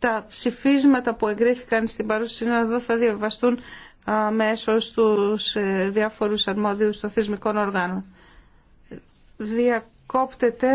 Τα ψηφίσματα που εγκρίθηκαν στην παρούσα σύνοδο θα διαβαστούν μέσω στους ε, διάφορους αρμόδιους των θεσμικών οργάνων. Διακόπτεται